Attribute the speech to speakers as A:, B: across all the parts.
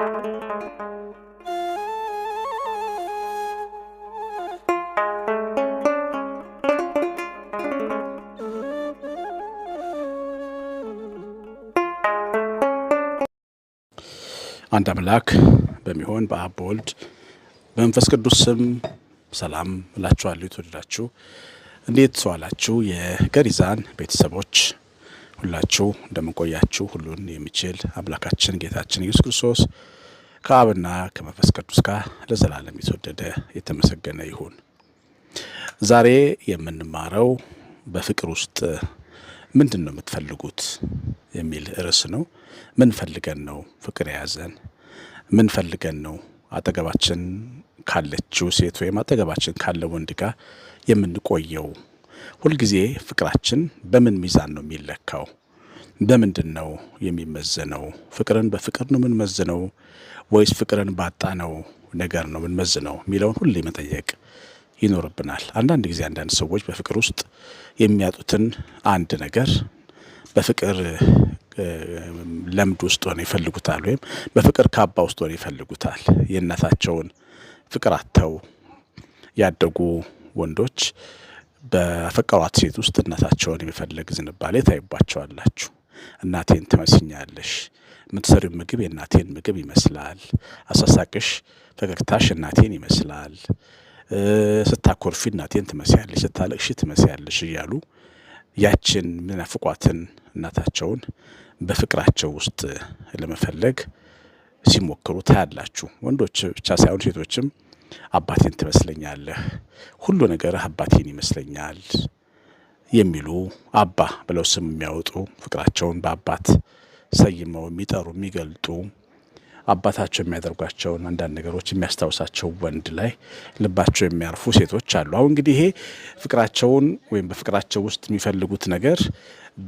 A: አንድ አምላክ በሚሆን በአብ በወልድ በመንፈስ ቅዱስ ስም ሰላም እላችኋለሁ። የተወደዳችሁ እንዴት ሰዋላችሁ? የገሪዛን ቤተሰቦች ሁላችሁ እንደምንቆያችሁ ሁሉን የሚችል አምላካችን ጌታችን ኢየሱስ ክርስቶስ ከአብና ከመንፈስ ቅዱስ ጋር ለዘላለም የተወደደ የተመሰገነ ይሁን። ዛሬ የምንማረው በፍቅር ውስጥ ምንድን ነው የምትፈልጉት የሚል ርዕስ ነው። ምን ፈልገን ነው ፍቅር የያዘን? ምን ፈልገን ነው አጠገባችን ካለችው ሴት ወይም አጠገባችን ካለ ወንድ ጋር የምንቆየው ሁልጊዜ ፍቅራችን በምን ሚዛን ነው የሚለካው? በምንድን ነው የሚመዘነው? ፍቅርን በፍቅር ነው የምንመዝነው ወይስ ፍቅርን ባጣነው ነገር ነው የምንመዝነው የሚለውን ሁሌ መጠየቅ ይኖርብናል። አንዳንድ ጊዜ አንዳንድ ሰዎች በፍቅር ውስጥ የሚያጡትን አንድ ነገር በፍቅር ለምድ ውስጥ ሆነ ይፈልጉታል፣ ወይም በፍቅር ካባ ውስጥ ሆነ ይፈልጉታል። የእናታቸውን ፍቅር አጥተው ያደጉ ወንዶች በፈቀሯት ሴት ውስጥ እናታቸውን የመፈለግ ዝንባሌ ታይባቸዋላችሁ። እናቴን ትመስኛለሽ፣ የምትሰሪው ምግብ የእናቴን ምግብ ይመስላል፣ አሳሳቅሽ፣ ፈገግታሽ እናቴን ይመስላል፣ ስታኮርፊ እናቴን ትመስያለሽ፣ ስታለቅሽ ትመስያለሽ እያሉ ያችን ምናፍቋትን እናታቸውን በፍቅራቸው ውስጥ ለመፈለግ ሲሞክሩ ታያላችሁ። ወንዶች ብቻ ሳይሆን ሴቶችም አባቴን ትመስለኛለህ፣ ሁሉ ነገርህ አባቴን ይመስለኛል የሚሉ አባ ብለው ስም የሚያወጡ ፍቅራቸውን በአባት ሰይመው የሚጠሩ የሚገልጡ አባታቸው የሚያደርጓቸውን አንዳንድ ነገሮች የሚያስታውሳቸው ወንድ ላይ ልባቸው የሚያርፉ ሴቶች አሉ። አሁን እንግዲህ ይሄ ፍቅራቸውን ወይም በፍቅራቸው ውስጥ የሚፈልጉት ነገር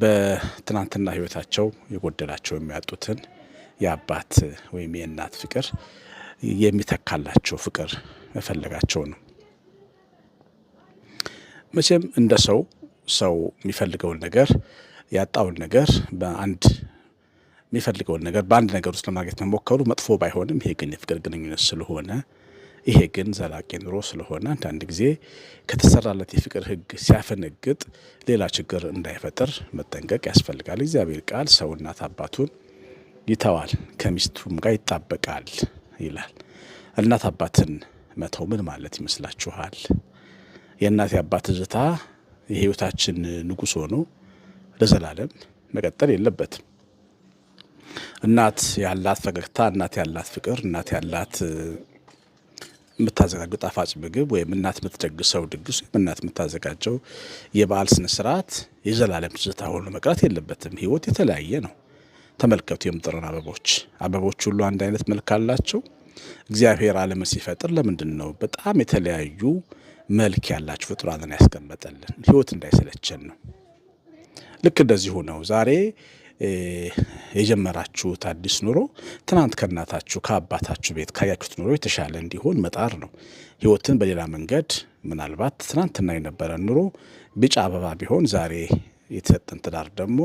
A: በትናንትና ሕይወታቸው የጎደላቸው የሚያጡትን የአባት ወይም የእናት ፍቅር የሚተካላቸው ፍቅር መፈለጋቸው ነው። መቼም እንደ ሰው ሰው የሚፈልገውን ነገር ያጣውን ነገር በአንድ የሚፈልገውን ነገር በአንድ ነገር ውስጥ ለማግኘት መሞከሩ መጥፎ ባይሆንም ይሄ ግን የፍቅር ግንኙነት ስለሆነ ይሄ ግን ዘላቂ ኑሮ ስለሆነ አንዳንድ ጊዜ ከተሰራለት የፍቅር ሕግ ሲያፈነግጥ ሌላ ችግር እንዳይፈጥር መጠንቀቅ ያስፈልጋል። እግዚአብሔር ቃል ሰው እናት አባቱን ይተዋል፣ ከሚስቱም ጋር ይጣበቃል ይላል። እናት አባትን መተው ምን ማለት ይመስላችኋል? የእናት የአባት ትዝታ የህይወታችን ንጉሥ ሆኖ ለዘላለም መቀጠል የለበትም። እናት ያላት ፈገግታ፣ እናት ያላት ፍቅር፣ እናት ያላት የምታዘጋጀው ጣፋጭ ምግብ ወይም እናት የምትደግሰው ድግስ ወይም እናት የምታዘጋጀው የበዓል ስነስርዓት የዘላለም ትዝታ ሆኖ መቅረት የለበትም። ህይወት የተለያየ ነው። ተመልከቱ የምጥርን አበቦች። አበቦች ሁሉ አንድ አይነት መልክ አላቸው? እግዚአብሔር ዓለምን ሲፈጥር ለምንድን ነው በጣም የተለያዩ መልክ ያላቸው ፍጡራንን ያስቀመጠልን? ህይወት እንዳይሰለቸን ነው። ልክ እንደዚሁ ነው። ዛሬ የጀመራችሁት አዲስ ኑሮ ትናንት ከእናታችሁ ከአባታችሁ ቤት ካያችሁት ኑሮ የተሻለ እንዲሆን መጣር ነው። ህይወትን በሌላ መንገድ ምናልባት ትናንትና የነበረ ኑሮ ቢጫ አበባ ቢሆን ዛሬ የተሰጠን ትዳር ደግሞ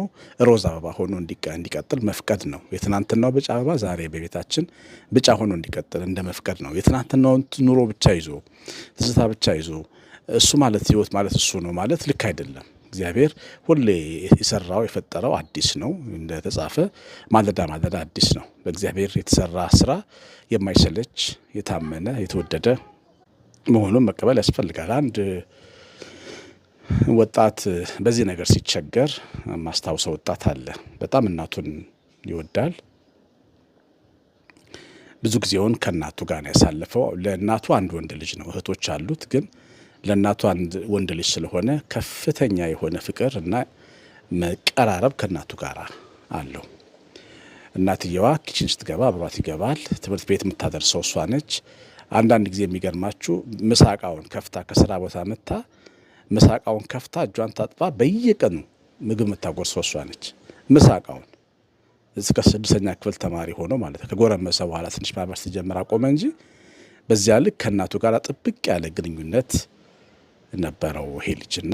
A: ሮዝ አበባ ሆኖ እንዲቀጥል መፍቀድ ነው። የትናንትናው ቢጫ አበባ ዛሬ በቤታችን ቢጫ ሆኖ እንዲቀጥል እንደ መፍቀድ ነው። የትናንትናውን ኑሮ ብቻ ይዞ ትዝታ ብቻ ይዞ እሱ ማለት ህይወት ማለት እሱ ነው ማለት ልክ አይደለም። እግዚአብሔር ሁሌ የሰራው የፈጠረው አዲስ ነው። እንደተጻፈ ማለዳ ማለዳ አዲስ ነው። በእግዚአብሔር የተሰራ ስራ የማይሰለች የታመነ የተወደደ መሆኑን መቀበል ያስፈልጋል። አንድ ወጣት በዚህ ነገር ሲቸገር ማስታውሰው ወጣት አለ። በጣም እናቱን ይወዳል። ብዙ ጊዜውን ከእናቱ ጋር ነው ያሳለፈው። ለእናቱ አንድ ወንድ ልጅ ነው፣ እህቶች አሉት። ግን ለእናቱ አንድ ወንድ ልጅ ስለሆነ ከፍተኛ የሆነ ፍቅር እና መቀራረብ ከእናቱ ጋር አለው። እናትየዋ ኪችን ስትገባ አብሯት ይገባል። ትምህርት ቤት የምታደርሰው እሷ ነች። አንዳንድ ጊዜ የሚገርማችሁ ምሳቃውን ከፍታ ከስራ ቦታ መታ ምሳቃውን ከፍታ እጇን ታጥባ በየቀኑ ምግብ የምታጎርሰው እሷ ነች። ምሳቃውን እስከ ስድስተኛ ክፍል ተማሪ ሆኖ ማለት ከጎረመሰ በኋላ ትንሽ ማህበር ሲጀምር አቆመ እንጂ በዚያ ልክ ከእናቱ ጋር ጥብቅ ያለ ግንኙነት ነበረው ይሄ ልጅና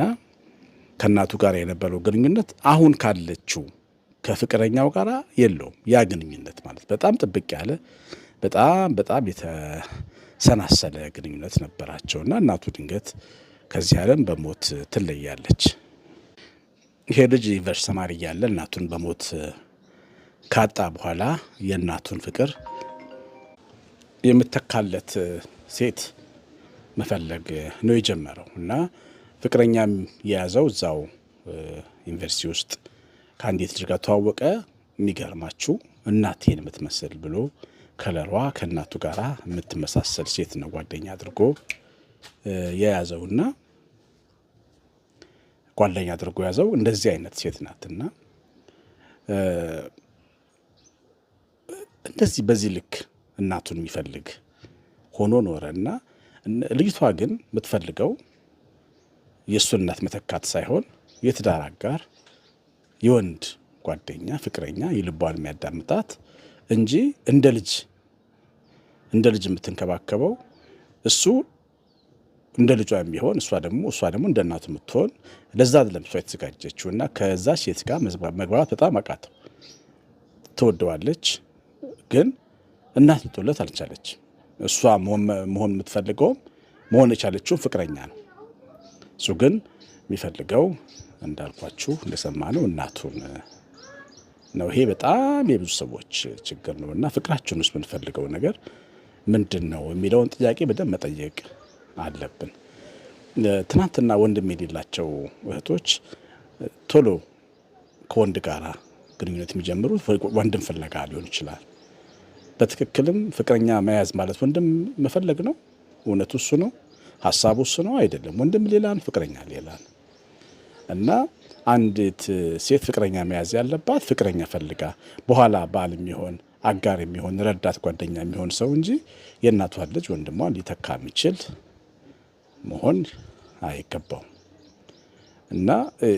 A: ከእናቱ ጋር የነበረው ግንኙነት አሁን ካለችው ከፍቅረኛው ጋር የለውም። ያ ግንኙነት ማለት በጣም ጥብቅ ያለ በጣም በጣም የተሰናሰለ ግንኙነት እና እናቱ ድንገት ከዚህ ዓለም በሞት ትለያለች። ይሄ ልጅ ዩኒቨርስቲ ተማሪ እያለ እናቱን በሞት ካጣ በኋላ የእናቱን ፍቅር የምተካለት ሴት መፈለግ ነው የጀመረው እና ፍቅረኛም የያዘው እዛው ዩኒቨርሲቲ ውስጥ ከአንዲት ልጅ ጋር ተዋወቀ። የሚገርማችሁ እናቴን የምትመስል ብሎ ከለሯ ከእናቱ ጋር የምትመሳሰል ሴት ነው ጓደኛ አድርጎ የያዘውና ጓደኛ አድርጎ ያዘው። እንደዚህ አይነት ሴት ናትና እንደዚህ በዚህ ልክ እናቱን የሚፈልግ ሆኖ ኖረ እና ልጅቷ ግን የምትፈልገው የእሱን እናት መተካት ሳይሆን የትዳር አጋር፣ የወንድ ጓደኛ፣ ፍቅረኛ፣ የልቧን የሚያዳምጣት እንጂ እንደ ልጅ እንደ ልጅ የምትንከባከበው እሱ እንደ ልጇ የሚሆን እሷ ደግሞ እሷ ደግሞ እንደ የምትሆን ለዛ አይደለም እሷ የተዘጋጀችው እና ከዛ ሴት ጋር መግባባት በጣም አቃተው። ትወደዋለች፣ ግን እናት ልትወለት አልቻለች። እሷ መሆን የምትፈልገውም መሆን የቻለችው ፍቅረኛ ነው። እሱ ግን የሚፈልገው እንዳልኳችሁ እንደሰማ ነው እናቱን ነው። ይሄ በጣም የብዙ ሰዎች ችግር ነው እና ፍቅራችን ውስጥ የምንፈልገው ነገር ምንድን ነው የሚለውን ጥያቄ በደንብ መጠየቅ አለብን። ትናንትና ወንድም የሌላቸው እህቶች ቶሎ ከወንድ ጋር ግንኙነት የሚጀምሩት ወንድም ፍለጋ ሊሆን ይችላል። በትክክልም ፍቅረኛ መያዝ ማለት ወንድም መፈለግ ነው። እውነቱ እሱ ነው፣ ሀሳቡ እሱ ነው አይደለም። ወንድም ሌላን፣ ፍቅረኛ ሌላን እና አንዲት ሴት ፍቅረኛ መያዝ ያለባት ፍቅረኛ ፈልጋ በኋላ ባል የሚሆን አጋር የሚሆን ረዳት ጓደኛ የሚሆን ሰው እንጂ የእናቷን ልጅ ወንድሟን ሊተካ የሚችል መሆን አይገባውም እና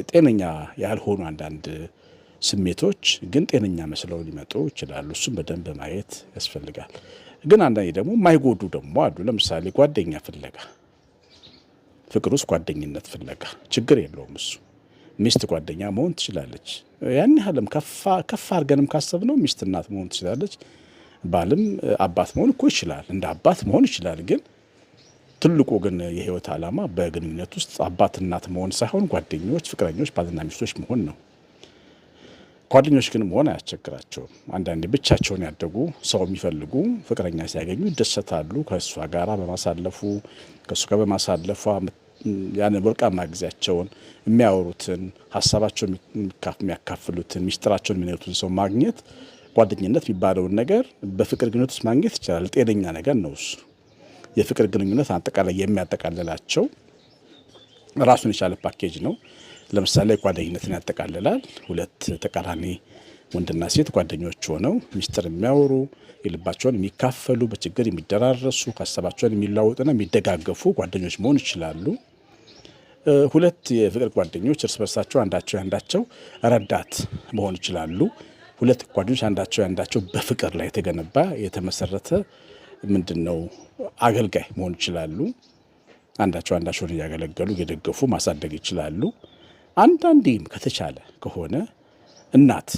A: ጤነኛ ያልሆኑ አንዳንድ ስሜቶች ግን ጤነኛ መስለው ሊመጡ ይችላሉ። እሱም በደንብ ማየት ያስፈልጋል። ግን አንዳንድ ደግሞ ማይጎዱ ደግሞ አሉ። ለምሳሌ ጓደኛ ፍለጋ፣ ፍቅር ውስጥ ጓደኝነት ፍለጋ ችግር የለውም እሱ ሚስት ጓደኛ መሆን ትችላለች። ያን ያህልም ከፍ አድርገንም ካሰብነው ሚስት እናት መሆን ትችላለች። ባልም አባት መሆን እኮ ይችላል። እንደ አባት መሆን ይችላል ግን ትልቁ ግን የህይወት ዓላማ በግንኙነት ውስጥ አባት እናት መሆን ሳይሆን ጓደኞች፣ ፍቅረኞች፣ ባልና ሚስቶች መሆን ነው። ጓደኞች ግን መሆን አያስቸግራቸውም። አንዳንዴ ብቻቸውን ያደጉ ሰው የሚፈልጉ ፍቅረኛ ሲያገኙ ይደሰታሉ። ከእሷ ጋር በማሳለፉ ከእሱ ጋር በማሳለፏ ያን ወርቃማ ጊዜያቸውን የሚያወሩትን ሀሳባቸውን የሚያካፍሉትን ሚስጥራቸውን የሚነቱን ሰው ማግኘት ጓደኝነት የሚባለውን ነገር በፍቅር ግንኙነት ውስጥ ማግኘት ይቻላል። ጤነኛ ነገር ነው እሱ። የፍቅር ግንኙነት አጠቃላይ የሚያጠቃልላቸው ራሱን የቻለ ፓኬጅ ነው። ለምሳሌ ጓደኝነትን ያጠቃልላል። ሁለት ተቃራኒ ወንድና ሴት ጓደኞች ሆነው ሚስጥር የሚያወሩ የልባቸውን የሚካፈሉ በችግር የሚደራረሱ ሀሳባቸውን የሚለዋወጡና የሚደጋገፉ ጓደኞች መሆን ይችላሉ። ሁለት የፍቅር ጓደኞች እርስ በርሳቸው አንዳቸው ያንዳቸው ረዳት መሆን ይችላሉ። ሁለት ጓደኞች አንዳቸው ያንዳቸው በፍቅር ላይ የተገነባ የተመሰረተ ምንድን ነው አገልጋይ መሆን ይችላሉ። አንዳቸው አንዳቸውን እያገለገሉ እየደገፉ ማሳደግ ይችላሉ። አንዳንዴም ከተቻለ ከሆነ እናት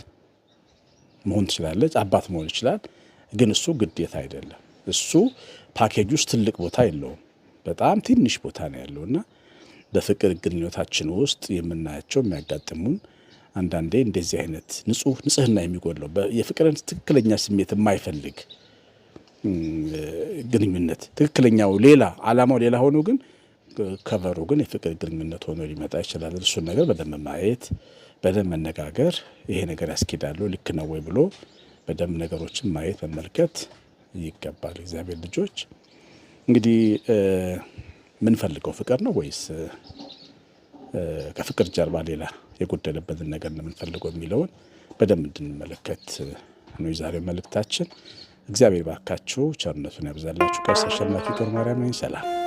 A: መሆን ትችላለች፣ አባት መሆን ይችላል። ግን እሱ ግዴታ አይደለም። እሱ ፓኬጅ ውስጥ ትልቅ ቦታ የለውም። በጣም ትንሽ ቦታ ነው ያለው እና በፍቅር ግንኙነታችን ውስጥ የምናያቸው የሚያጋጥሙን አንዳንዴ እንደዚህ አይነት ንጹህ ንጽህና የሚጎድለው የፍቅርን ትክክለኛ ስሜት የማይፈልግ ግንኙነት ትክክለኛው ሌላ አላማው ሌላ ሆኖ ግን ከቨሩ ግን የፍቅር ግንኙነት ሆኖ ሊመጣ ይችላል። እሱን ነገር በደንብ ማየት፣ በደንብ መነጋገር፣ ይሄ ነገር ያስኬዳሉ ልክ ነው ወይ ብሎ በደንብ ነገሮችን ማየት መመልከት ይገባል። እግዚአብሔር ልጆች እንግዲህ የምንፈልገው ፍቅር ነው ወይስ ከፍቅር ጀርባ ሌላ የጎደለበትን ነገር ነው የምንፈልገው የሚለውን በደንብ እንድንመለከት ነው የዛሬው መልእክታችን። እግዚአብሔር ባካችሁ ቸርነቱን ያብዛላችሁ። ቀሲስ አሸናፊ ገብረ ማርያም ሰላም